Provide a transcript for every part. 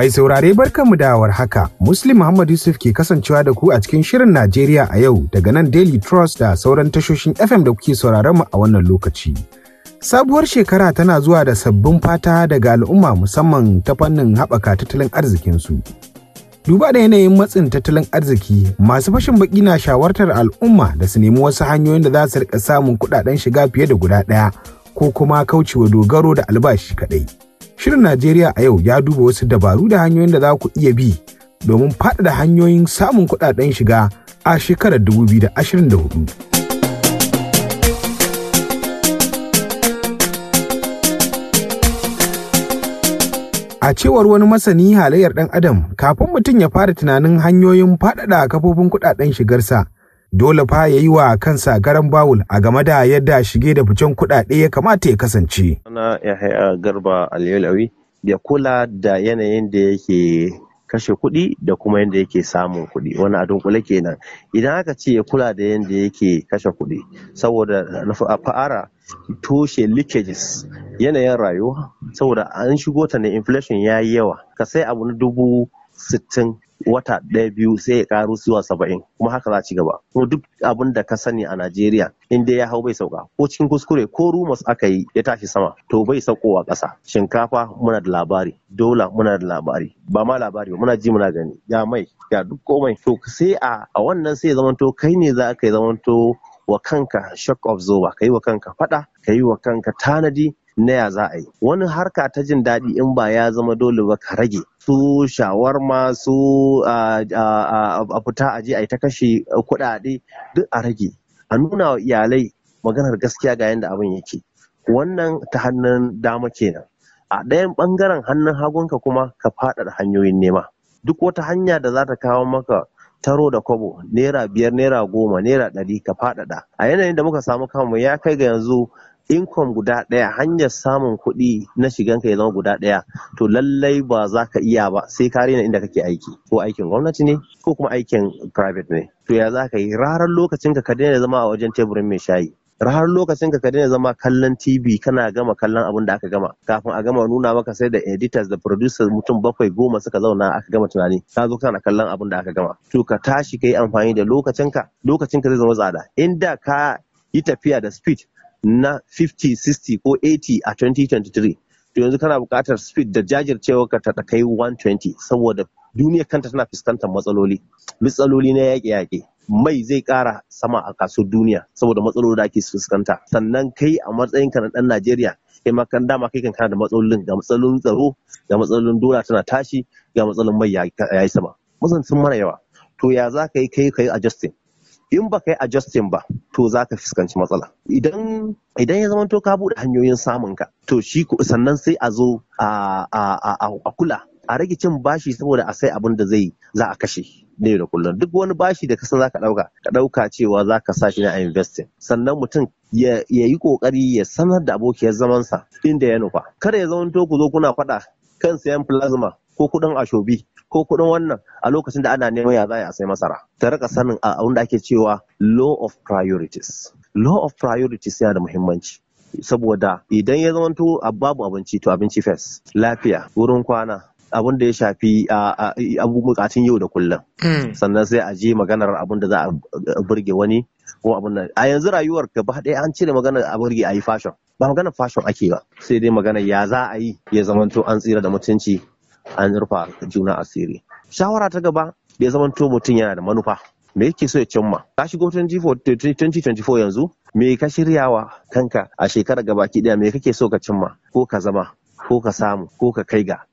Mai saurare mu da haka, Muslim Muhammad Yusuf ke kasancewa da ku a cikin shirin Najeriya a yau daga nan Daily Trust da sauran tashoshin FM da kuke sauraron mu a wannan lokaci. Sabuwar shekara tana zuwa da sabbin fata daga al'umma musamman ta fannin haɓaka tattalin arzikinsu. Duba da yanayin matsin tattalin arziki, masu fashin baki na shawartar al'umma da su nemi wasu hanyoyin da za su rika samun kuɗaɗen shiga fiye da guda ɗaya ko kuma kaucewa dogaro da albashi kaɗai. Shirin Najeriya a yau ya duba wasu dabaru da hanyoyin da za ku iya bi domin faɗaɗa hanyoyin samun kuɗaɗen shiga a shekarar 2024. A cewar wani masani halayyar ɗan adam kafin mutum ya fara tunanin hanyoyin faɗaɗa kafofin kuɗaɗen shigarsa dole fa ya yi wa kansa garan bawul a game da yadda shige da ficen kuɗaɗe ya kamata ya kasance. Ana Yahaya Garba Alyalawi ya kula da yanayin da yake kashe kuɗi da kuma yadda yake samun kuɗi wani a dunkule kenan idan aka ce ya kula da yadda yake kashe kuɗi saboda a fa'ara toshe leakages yanayin rayuwa saboda an shigo ta na inflation ya yi yawa ka sai abu na dubu sittin wata ɗaya biyu sai ya ƙaru zuwa saba'in kuma haka za ci gaba kuma duk abin da ka sani a najeriya in dai ya hau bai sauka ko cikin kuskure ko rumus aka yi ya tashi sama to bai saukowa ƙasa shinkafa muna da labari dola muna da labari ba ma labari ba muna ji muna gani ya mai ya duk komai to sai a wannan sai ya zamanto kai ne za ka yi zamanto wa kanka shock of ka kai wa kanka fada ka wa kanka tanadi na ya za a yi wani harka ta jin daɗi in ba ya zama dole ba ka rage su shawarma su a fita a je a yi ta kashe kuɗaɗe duk a rage a nuna wa iyalai maganar gaskiya ga yadda abin yake wannan ta hannun dama kenan a ɗayan ɓangaren hannun hagunka kuma ka faɗaɗa hanyoyin nema duk wata hanya da za ta kawo maka taro da kwabo naira biyar naira goma naira ɗari ka faɗaɗa a yanayin da muka samu kanmu ya kai ga yanzu income guda ɗaya hanyar samun kuɗi na shiganka ya zama guda ɗaya to lallai ba za ka iya ba sai ka rena inda kake aiki ko aikin gwamnati ne ko kuma aikin private ne to ya za ka yi rarar lokacin ka daina zama a wajen teburin mai shayi rahar lokacin ka daina zama kallon TV kana gama kallon abin da aka gama kafin a gama nuna maka sai da editors da producers mutum bakwai goma suka zauna aka gama tunani ka zo kana kallon abin da aka gama to ka tashi ka yi amfani da lokacin ka zai zama tsada in da ka yi tafiya da speed na 50, 60 ko 80 a 2023 to yanzu kana buƙatar speed da jajircewa ka ta kai 120 saboda duniya kanta tana fuskantar matsaloli matsaloli na yaƙe-yaƙe mai zai ƙara sama a kasuwar duniya saboda matsaloli da ake fuskanta sannan kai a matsayinka na ɗan najeriya kai ma kan dama kai kan kana da matsalolin ga matsalolin tsaro ga matsalolin dola tana tashi ga matsalolin mai ya yi sama matsalolin sun mana yawa to ya za ka yi kai kai adjusting in ba yi adjusting ba to za ka fuskanci matsala idan idan ya zama to ka buɗe hanyoyin samun ka to shi sannan sai a zo a kula a rage cin bashi saboda a sai abin da zai za a kashe ne da kullum duk wani bashi da kasan zaka dauka ka dauka cewa zaka sa shi ne a investing sannan mutum ya yi kokari ya sanar da abokiyar zaman sa inda ya nufa kada ya zama to ku zo kuna faɗa kan sayan plasma ko kudin ashobi ko kudin wannan a lokacin da ana neman ya za a sai masara ta rika sanin a abin da ake cewa law of priorities law of priorities yana da muhimmanci saboda idan ya zamanto babu abinci to abinci fes lafiya wurin kwana abin da ya shafi bukatun yau da kullum hmm. sannan sai a je maganar abin da za a burge wani ko abin da a yanzu rayuwar ka ba ɗaya an cire maganar a burge a yi fashon ba maganar fashon ake ba sai dai maganar ya za a yi ya zamanto an tsira da mutunci an rufa juna asiri shawara ta gaba da ya zamanto mutum yana da manufa me yake so ya cimma ka shigo 2024 yanzu me ka shiryawa kanka a shekarar gabaki daya me kake so ka cimma ko ka zama ko ka samu ko ka kai ga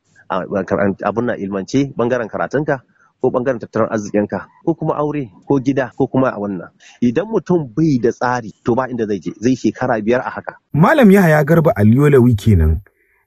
abun na ilmance bangaren karatunka ko bangaren tattalin arzikinka ko kuma aure ko gida ko kuma a wannan idan mutum bai da tsari to ba inda zai je zai shekara biyar a haka malam yahaya garba lawi kenan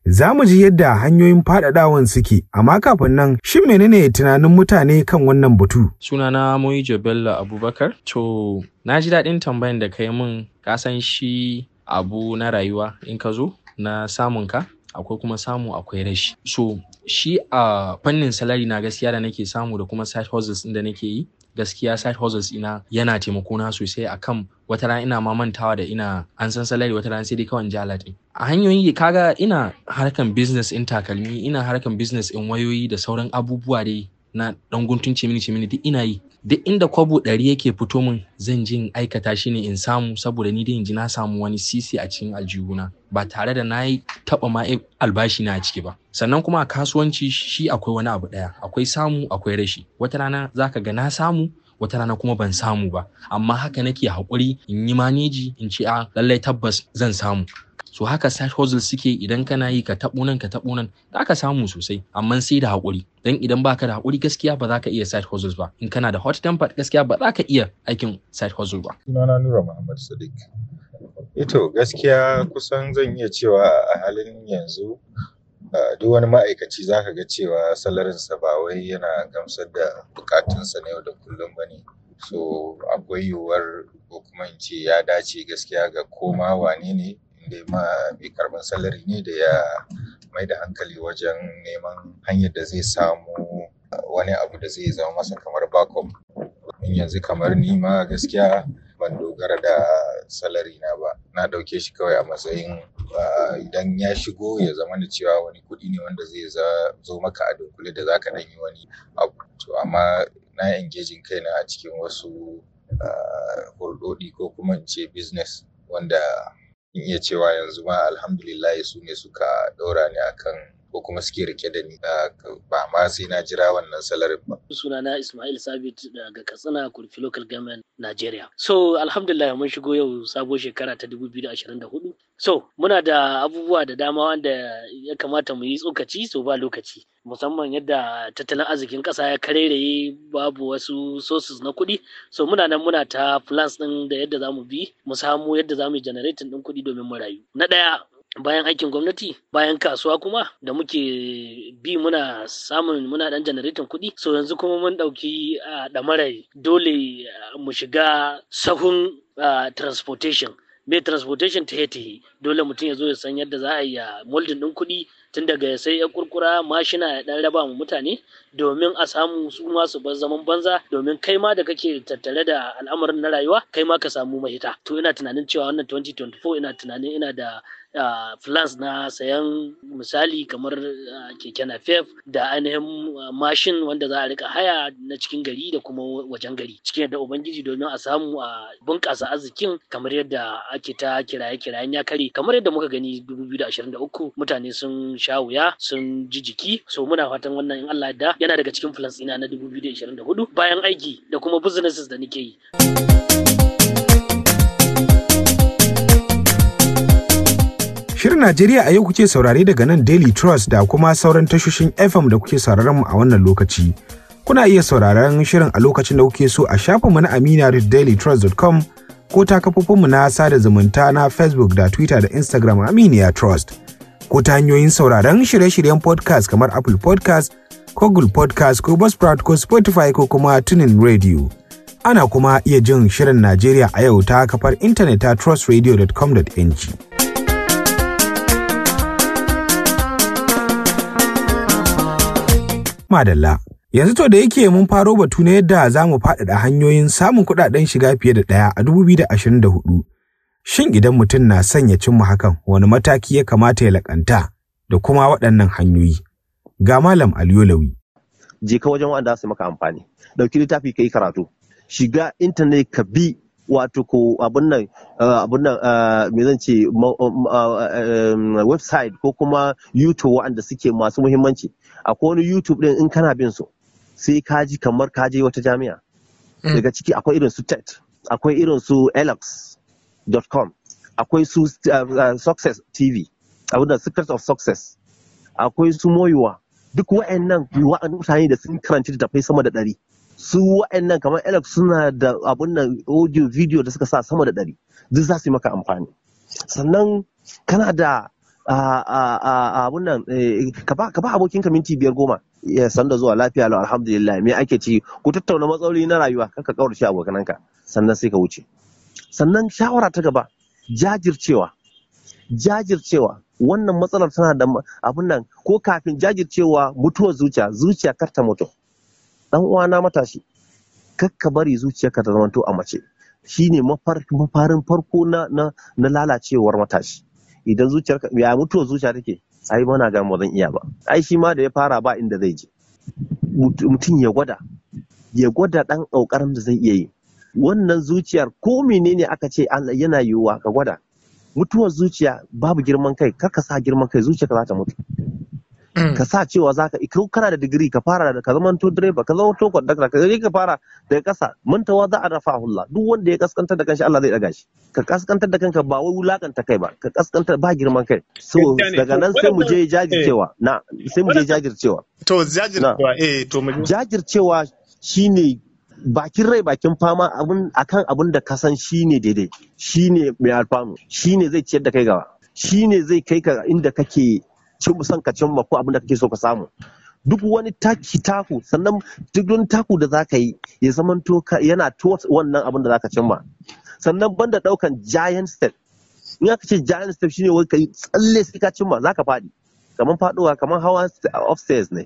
Za mu ji yadda hanyoyin faɗaɗawan suke, amma kafin nan shin menene tunanin mutane kan wannan batu? Sunana moyi Bello Abubakar. To, na ji daɗin tambayan da ka yi min kasan shi abu na rayuwa in ka zo na samun ka. akwai kuma samu akwai rashi so shi a fannin salari na gaskiya da nake samu da kuma side hustles da nake yi gaskiya side hustles ina yana taimako na sosai akan wata rana ina ma mantawa da ina an san salari wata rana sai dai kawai jala din a hanyoyin hanyoyi kaga ina harkan business in takalmi ina harkan business in wayoyi da sauran abubuwa dai na dan guntun cimini cimini duk ina yi duk inda kwabo ɗari yake fito min zan je in aikata shi ne in samu saboda ni dai in ji na samu wani sisi a cikin aljihuna ba tare da na yi taɓa ma albashi na a ciki ba sannan kuma a kasuwanci shi akwai wani abu ɗaya akwai samu akwai rashi wata rana zaka ga na samu wata rana kuma ban samu ba amma haka nake hakuri in yi maneji in ce a ah, lallai tabbas zan samu so haka side hustle suke idan kana yi ka taɓo nan ka taɓo nan da aka samu sosai amma sai da hakuri dan idan baka da hakuri gaskiya ba za ka iya side hustles ba in kana da hot temper gaskiya ba za ka iya aikin side hustle ba sunana Nura Muhammad Sadiq ito eh gaskiya kusan zan iya cewa a halin yanzu ah, duk wani ma'aikaci za ka ga cewa salarinsa ba wai yana gamsar da bukatunsa na yau da kullum ba ne so akwai yiwuwar ko kuma in ce ya dace gaskiya ga koma wane ne da ma mai karban salari ne da ya mai da hankali wajen neman hanyar da zai samu wani abu da zai zama masa kamar bakom in yanzu kamar ni ma gaskiya ban dogara da salari na ba na ɗauke shi kawai a matsayin idan ya shigo ya zama da cewa wani kuɗi ne wanda zai zo maka a dunkule da zaka ɗan yi wani abu to amma na engaging kaina a cikin wasu hulɗoɗi ko kuma in ce business wanda in iya cewa yanzu ma alhamdulillahi su ne suka ɗora ni akan ko kuma suke rike da ni ba ma sai na jira wannan salarin ba. Sunana Ismail Sabit daga Katsina Kurfi Local Government Nigeria. So alhamdulillah mun shigo yau sabo shekara ta 2024. So muna da abubuwa da dama wanda ya kamata mu yi tsokaci so ba lokaci. Musamman yadda tattalin arzikin ƙasa ya yi babu wasu sources na kuɗi. So muna nan muna ta plans ɗin da yadda za mu bi mu samu yadda za mu yi generating ɗin kuɗi domin mu rayu. Na ɗaya bayan aikin gwamnati bayan kasuwa kuma da muke bi muna samun muna dan janaritin kuɗi so yanzu kuma mun ɗauki a ɗamarai dole mu shiga sahun transportation mai transportation ta tahe dole mutum ya zo ya san yadda za a yi moldin ɗin kuɗi tun daga sai ya kurkura mashina ya dan raba mu mutane domin a samu su ma su bar zaman banza domin kai ma da kake tattare da al'amarin na rayuwa kai ma ka samu mahita to ina tunanin cewa wannan 2024 ina tunanin ina da Uh, na sayan misali kamar uh, keke fef da ainihin mashin wanda za a rika haya na cikin gari da kuma wajen gari cikin yadda ubangiji domin a samu a bunƙasa arzikin kamar yadda ake ta kiraye kirayen ya kare kamar yadda muka gani 2023 mutane sun sha wuya sun ji jiki so muna fatan wannan in Allah ya yana daga cikin plans ina na 2024 bayan aiki da kuma businesses da nake yi. Shirin Najeriya a yau kuke saurare daga nan Daily Trust da kuma sauran tashoshin FM da kuke sauraron mu a wannan lokaci. Kuna iya sauraron shirin a lokacin da kuke so a shafinmu na aminiyar.dailytrust.com ko ta kafofinmu na sada zumunta na Facebook da Twitter da Instagram Aminiya Trust. ko ta hanyoyin sauraron shirye-shiryen podcast kamar Apple podcast Google podcast ko Buzzsprout ko Spotify ko kuma Tunin Radio. Ana kuma iya jin shirin Najeriya a yau ta kafar intanet ta trustradio.com.ng. madalla. Yanzu to da yake mun faro batu na yadda za mu faɗaɗa hanyoyin samun kuɗaɗen shiga fiye da ɗaya a 2024 Shin idan mutum na son ya cimma hakan wani mataki ya kamata ya lakanta da kuma waɗannan hanyoyi? Ga Malam Aliyolawi. Je ka wajen wanda su maka amfani. Ɗauki littafi ka yi karatu. Shiga intanet ka bi wato ko abun nan eh, abun nan eh, me zan ce eh, website ko kuma YouTube waɗanda suke masu muhimmanci. Akwai wani YouTube ɗin in kana bin su sai ka ji kamar ka je wata jami'a. Mm. Daga ciki akwai irin su TED, akwai irin su ELEX, com akwai su uh, uh, success tv abinda secret of success akwai su moyuwa duk wa'annan mutane da sun karanci fai sama da ɗari su wa'annan kamar alex suna da abun nan audio video da suka sa sama da ɗari duk za su yi maka amfani sannan kana da uh, abun nan eh, ka ba abokinka minti biyar goma ya sanda zuwa lafiya lau alhamdulillah me ake ci ku tattauna matsaloli na rayuwa kanka kaurace ka, sannan sai ka wuce sannan shawara ta gaba jajircewa jajircewa wannan matsalar tana da abin nan ko kafin jajircewa mutuwar zuciya zuciya kar mutu dan uwana matashi kakka bari zuciyarka ta zamanto a mace shine mafarin farko na na lalacewar matashi idan ka, ya mutuwar zuciya take ai mana ga ba zan iya ba ai shi ma da ya fara ba inda zai je mutum ya gwada ya gwada dan kokarin da zai iya yi wannan zuciyar ko menene aka ce yana yiwuwa ka gwada mutuwar zuciya babu girman kai kar ka sa girman kai ka za ta mutu mm. ka sa cewa zaka ka kana da digiri ka fara da ka zama to direba ka zama tokon daga ka je ka fara daga kasa mantawa za a rafa hulla duk wanda ya kaskantar da kanshi Allah zai daga shi ka kaskantar da kanka ba wai wulakanta kai ba ka kaskantar ba girman kai so daga nan sai mu je eh. jajircewa na sai mu je jajircewa to jajircewa eh to mu jajircewa shine bakin rai bakin fama akan abin da ka san shine daidai shine mai alfanu shine zai ciyar da kai gaba shine zai kai ka inda kake cin son ka cimma ko abin da kake so ka samu duk wani taki taku sannan duk wani taku da zaka yi ya zama yana to wannan abin da zaka cimma sannan banda daukan giant step in aka ce giant step shine wai kai tsalle sai ka cimma zaka fadi kamar faduwa kamar hawa upstairs ne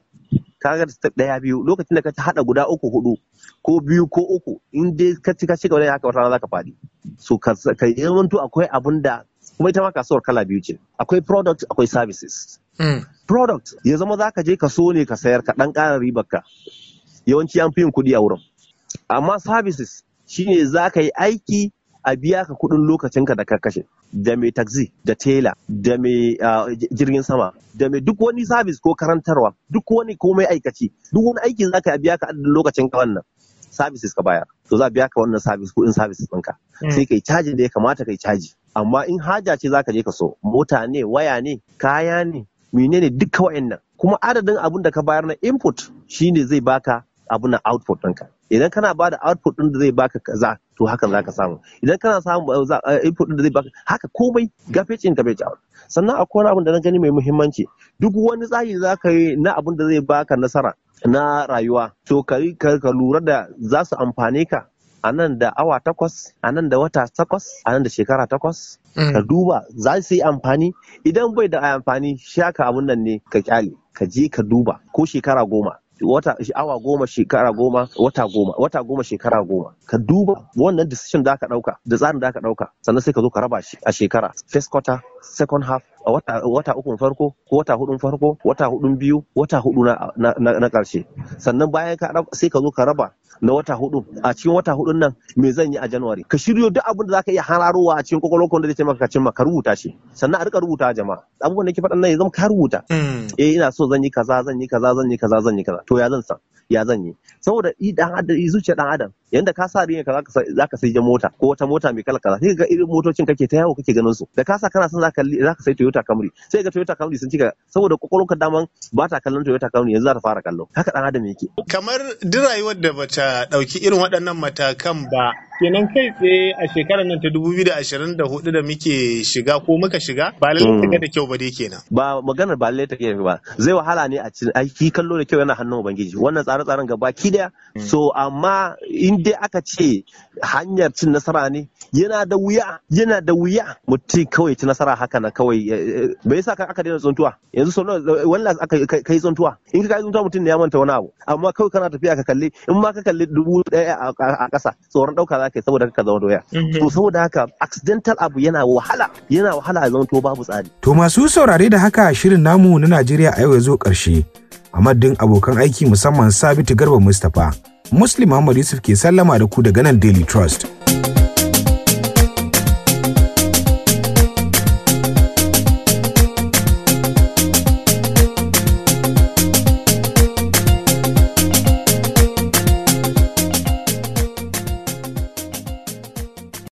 kaga step daya biyu lokacin da ka hada guda uku hudu ko biyu ko uku in dai ka ci ka shiga wani haka wata za ka fadi so ka yawantu akwai abun da kuma ita ma kasuwar kala biyu ce akwai product akwai services hmm. product ya zama za ka je ka so ne ka sayar ka dan ƙara ribar yawanci an fi yin kuɗi a wurin amma services shine za ka yi aiki a biya ka kudin lokacin ka da ka kashe da mai taxi da tela da mai jirgin sama da mai duk wani sabis ko karantarwa duk wani komai aikaci duk wani aiki za ka biya ka adadin lokacin ka wannan services ka bayar to za a biya ka wannan service kudin services ɗinka hmm. sai kai caji da ya kamata yi caji amma in haja ce za ka je ka so mota ne waya ne kaya ne menene duka wa'annan kuma adadin abin da ka bayar na input shine zai baka abin na output ɗinka idan kana ba da output din da zai baka kaza to hakan zaka samu idan kana samu eh, eh, input din da zai baka haka komai gafecin in garbage out sannan akwai wani abin da na gani mai muhimmanci duk wani tsari da zaka yi na abin da zai baka nasara na rayuwa to ka lura da za su amfane ka a nan da awa takwas a nan da wata takwas a nan da shekara takwas mm. ka duba za su yi amfani idan bai da amfani shaka abun nan ne ka kyale ka je ka duba ko shekara goma wata awa goma shekara goma wata goma wata goma shekara goma ka duba wannan decision da aka dauka da tsarin da aka dauka sannan sai ka zo ka raba shi a shekara first quarter second half a wata, wata uku farko ko wata hudun farko wata hudun biyu wata hudu na, na, na, na karshe sannan bayan ka sai ka zo ka raba na wata hudu a cikin wata hudu nan me zan yi a January ka shiryo duk abin da zaka iya hararowa a cikin kwakwalwar da zai taimaka ka cimma ka rubuta shi sannan a rika rubuta jama'a abubuwan da ke faɗan nan ya zama ka rubuta hmm. eh ina so zan yi kaza zan yi kaza zan yi kaza zan yi kaza to ya zan san ya zan yi saboda idan dan adam zuciya dan adam yanda ka sa rinya ka zaka sai mota ko wata mota mai kala kala sai ga irin motocin kake ta yawo kake ganin su da ka sa kana son zaka zaka sai Toyota Camry sai ga Toyota Camry sun cika saboda ka daman ba ta kallon Toyota Camry yanzu za ta fara kallo haka dan adam yake kamar duk rayuwar da bata dauki irin waɗannan matakan ba kenan kai tsaye a shekarar nan ta 2024 da muke shiga ko muka shiga ba lalle hmm. ta da kyau ba dai kenan ba maganar ba lalle ta kyau ba zai wahala ne a cikin aiki kallo da kyau yana hannun ubangiji wannan tsare-tsaren gaba ki daya hmm. so amma in dai aka ce hanyar cin nasara ne yana da wuya yana da wuya mutum kawai ci nasara haka na kawai eh, eh, bai yasa kan aka daina tsuntuwa yanzu sau eh, wannan aka kai tsuntuwa in ka kai tsuntuwa mutum ne ya manta wani abu amma kawai kana tafiya ka kalli in ma ka kalli dubu daya a ƙasa tsoron ɗauka za ka yi saboda ka zama doya mhm. to saboda haka accidental abu yana wahala yana wahala a zama to babu tsari to masu saurare da haka shirin namu na Najeriya a yau ya zo ƙarshe a din abokan aiki musamman Sabitu Garba Mustapha Muslim Muhammad Yusuf ke sallama da ku daga nan Daily Trust.